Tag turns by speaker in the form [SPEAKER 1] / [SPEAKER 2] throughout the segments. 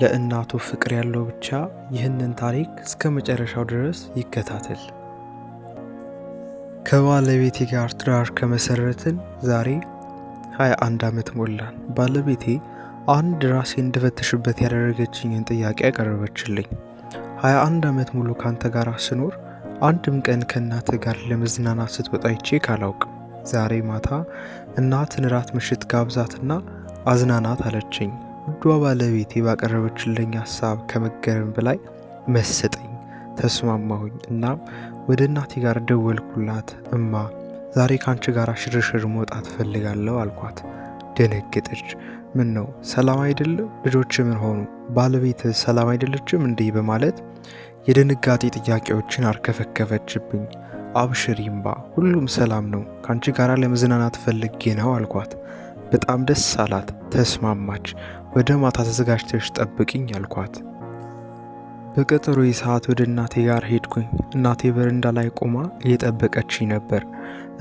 [SPEAKER 1] ለእናቱ ፍቅር ያለው ብቻ ይህንን ታሪክ እስከ መጨረሻው ድረስ ይከታተል። ከባለቤቴ ጋር ትዳር ከመሰረትን ዛሬ 21 ዓመት ሞላን። ባለቤቴ አንድ ራሴ እንድፈተሽበት ያደረገችኝን ጥያቄ ያቀረበችልኝ። 21 ዓመት ሙሉ ካንተ ጋር ስኖር አንድም ቀን ከእናተ ጋር ለመዝናናት ስትወጣ ይቼ ካላውቅም ዛሬ ማታ እናትን ራት ምሽት ጋብዛትና አዝናናት አለችኝ። ውዷ ባለቤቴ ባቀረበችልኝ ሀሳብ ከመገረም በላይ መሰጠኝ። ተስማማሁኝ። እናም ወደ እናቴ ጋር ደወልኩላት። እማ ዛሬ ከአንቺ ጋር ሽርሽር መውጣት ፈልጋለሁ አልኳት። ደነገጠች። ምን ነው ሰላም አይደለም? ልጆች ምን ሆኑ? ባለቤት ሰላም አይደለችም እንዴ? በማለት የድንጋጤ ጥያቄዎችን አርከፈከፈችብኝ። አብሽሪምባ ሁሉም ሰላም ነው። ከአንቺ ጋር ለመዝናናት ፈልጌ ነው አልኳት። በጣም ደስ አላት። ተስማማች። ወደ ማታ ተዘጋጅተሽ ጠብቅኝ አልኳት። በቀጠሮ ሰዓት ወደ እናቴ ጋር ሄድኩኝ። እናቴ በረንዳ ላይ ቆማ እየጠበቀችኝ ነበር።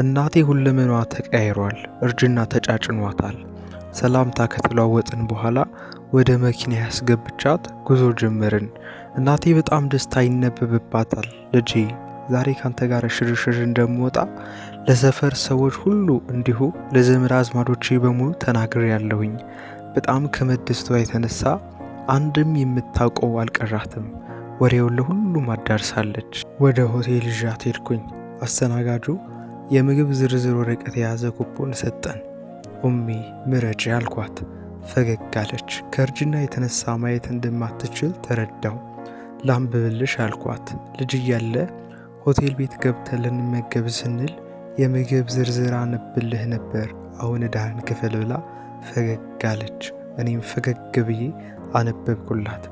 [SPEAKER 1] እናቴ ሁለመኗ ተቀያይሯል። እርጅና ተጫጭኗታል። ሰላምታ ከተለዋወጥን በኋላ ወደ መኪና ያስገብቻት ጉዞ ጀመርን። እናቴ በጣም ደስታ ይነበብባታል። ልጄ ዛሬ ካንተ ጋር ሽርሽር እንደምወጣ ለሰፈር ሰዎች ሁሉ እንዲሁ ለዘመድ አዝማዶቼ በሙሉ ተናግሬ ያለሁኝ። በጣም ከመደስቷ የተነሳ አንድም የምታውቀው አልቀራትም። ወሬውን ለሁሉም አዳርሳለች። ወደ ሆቴል ይዣት ሄድኩኝ። አስተናጋጁ የምግብ ዝርዝር ወረቀት የያዘ ኩፖን ሰጠን። ኡሚ ምረጭ አልኳት። ፈገግ አለች። ከእርጅና የተነሳ ማየት እንደማትችል ተረዳው። ላምብብልሽ አልኳት። ልጅ እያለ ሆቴል ቤት ገብተን ልንመገብ ስንል የምግብ ዝርዝር አነብልህ ነበር አሁን ዳህን ክፍል ብላ ፈገግ አለች። እኔም ፈገግ ብዬ አነበብኩላት።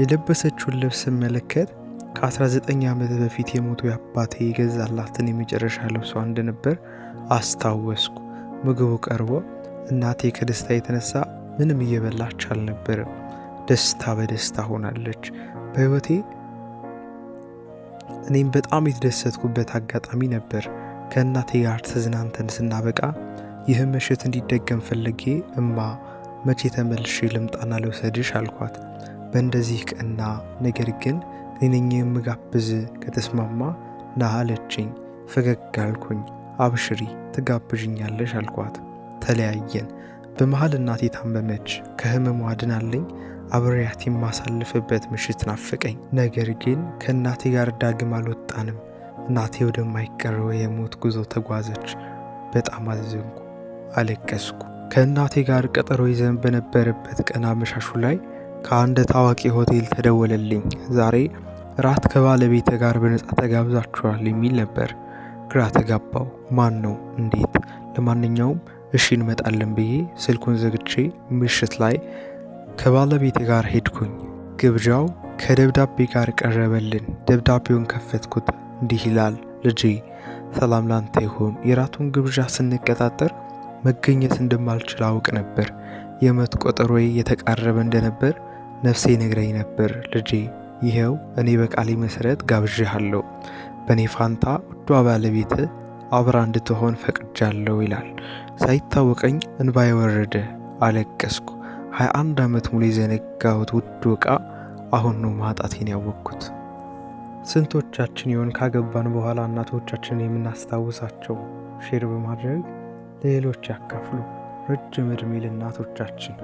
[SPEAKER 1] የለበሰችውን ልብስ ስመለከት ከ19 ዓመት በፊት የሞቱ አባቴ የገዛላትን የመጨረሻ ልብሷ እንደነበር አስታወስኩ። ምግቡ ቀርቦ እናቴ ከደስታ የተነሳ ምንም እየበላች አልነበርም። ደስታ በደስታ ሆናለች። በህይወቴ እኔም በጣም የተደሰትኩበት አጋጣሚ ነበር። ከእናቴ ጋር ተዝናንተን ስናበቃ ይህ ምሽት እንዲደገም ፈልጌ እማ መቼ ተመልሽ ልምጣና ልውሰድሽ አልኳት። በእንደዚህ ቀና ነገር ግን እኔነኝ የምጋብዝ ከተስማማ ና አለችኝ። ፈገግ አልኩኝ። አብሽሪ ትጋብዥኛለሽ አልኳት። ተለያየን። በመሃል እናቴ ታመመች። ከህመሙ አድናለኝ አብሬያት የማሳልፍበት ምሽት ናፈቀኝ። ነገር ግን ከእናቴ ጋር ዳግም አልወጣንም። እናቴ ወደማይቀረው የሞት ጉዞ ተጓዘች። በጣም አዘንኩ፣ አለቀስኩ። ከእናቴ ጋር ቀጠሮ ይዘን በነበረበት ቀን አመሻሹ ላይ ከአንድ ታዋቂ ሆቴል ተደወለልኝ። ዛሬ ራት ከባለቤተ ጋር በነጻ ተጋብዛችኋል የሚል ነበር። ግራ ተጋባው። ማን ነው? እንዴት? ለማንኛውም እሺ እንመጣለን ብዬ ስልኩን ዘግቼ ምሽት ላይ ከባለቤቴ ጋር ሄድኩኝ። ግብዣው ከደብዳቤ ጋር ቀረበልን። ደብዳቤውን ከፈትኩት። እንዲህ ይላል፣ ልጄ ሰላም ላንተ ይሁን። የራቱን ግብዣ ስንቀጣጠር መገኘት እንደማልችል አውቅ ነበር። የመት ቆጠሮዬ የተቃረበ እንደነበር ነፍሴ ነግረኝ ነበር። ልጄ ይኸው እኔ በቃሌ መሰረት ጋብዣሃለሁ። በእኔ ፋንታ ውዷ ባለቤት አብራ እንድትሆን ፈቅጃለሁ ይላል። ሳይታወቀኝ እንባ የወረደ አለቀስኩ። 21 ዓመት ሙሉ የዘነጋሁት ውድ ዕቃ አሁን ነው ማጣቴን ያወቅኩት። ስንቶቻችን ይሆን ካገባን በኋላ እናቶቻችንን የምናስታውሳቸው? ሼር በማድረግ ለሌሎች ያካፍሉ። ረጅም ዕድሜ ለእናቶቻችን።